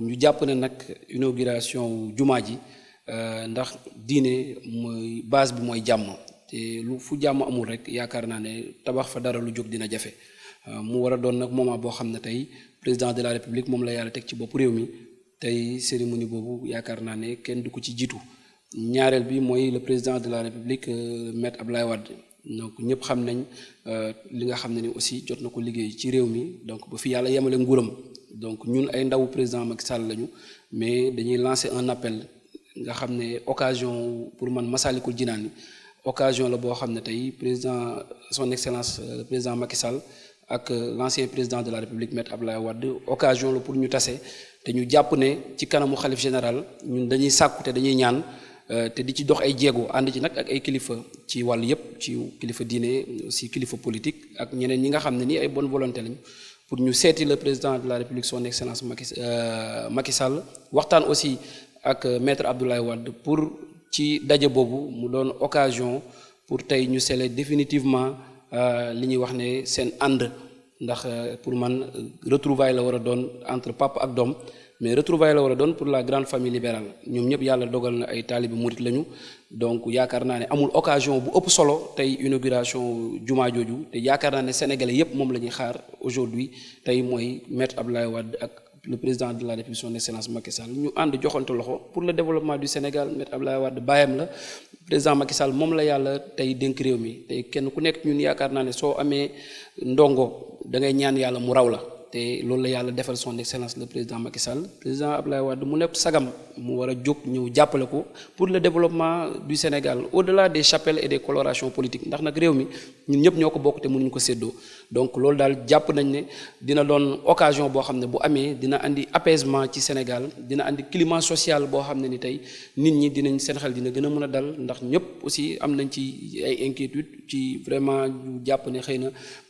Nous avons ne nag inauguration jumaa ji euh, ndax diine mooy base bi mooy jàmm te lu fu jàmm amul rek yaakaar naa ne tabax fa dara lu jóg dina jafe euh, mu war a doon nag président de la république moom la yàlla teg ci bopp réew mi cérémonie boobu yaakaar naa ne kenn du ci le président de la république euh, maître ablaye Wade donc ñëpp xam nañ li nga xam ne ni aussi jot ko donc ñun ay ndaw président Macky Sall lañu mais dañuy lancer un appel nga xam occasion pour man Jinaan occasion la son excellence euh, le président Macky Sall euh, l'ancien président de la République maître occasion pour ñu tase te ñu jàpp ci général ñun dañuy dañuy ñaan euh, di ci dox ay ci ak aussi politique ak ñeneen ñi nga xam ay bonne volonté pour nous céder le président de la république son excellence Macky euh, Macky Sall waxtaan aussi ak maître Abdoulaye Wade pour ci dajé bobu mu donne occasion pour tay ñu sceller définitivement euh, li ñi wax né ndax euh, pour man retrouvaille la wara entre papa ak Dom mais retrouvaille la war a doon pour la grande famille libérale ñoom ñëpp yàlla dogal na ay taalibi murit lañu donc yaakaar naa ne amul occasion bu ëpp solo tey inauguration juma jooju te yaakaar naa ne sénégalais yëpp moom la ñuy xaar aujourd'hui tey mooy maître Abdoulaye Wade ak le président de la République son excellence Macky Sall ñu ànd joxante loxo pour le développement du Sénégal maître Abdoulaye Wade baayam la président Macky Sall moom la yàlla tey dénk réew mi tey kenn ku nekk ñun yaakaar naa ne soo amee ndongo da ngay ñaan yàlla mu raw la te loolu la yàlla defal son excellence le président Macky Sall président Abdoulaye Wade mu nekk sagam mu war a jóg ñëw jàppale ko pour le développement du Sénégal au-delà des chapelles et des colorations politiques ndax nag réew mi ñun ñëpp ñoo ko bokk te mënuñu ko séddoo donc loolu daal jàpp nañ ne dina doon occasion boo xam ne bu amee dina andi apaisement ci Sénégal dina andi climat social boo xam ne ni tey nit ñi dinañ seen xel dina gën a mën a dal ndax ñëpp aussi am nañ ci ay inquiétudes ci vraiment ñu jàpp ne xëy na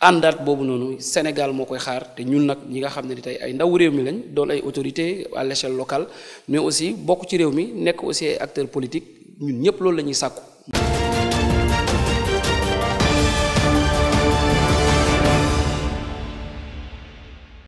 àndaat boobu noonu Sénégal moo koy xaar te ñun nag ñi nga xam ne tey ay ndaw réew mi lañ doon ay autorité à l'échelle locale mais aussi bokk ci réew mi nekk aussi ay acteur politique ñun ñëpp loolu la ñuy sàkku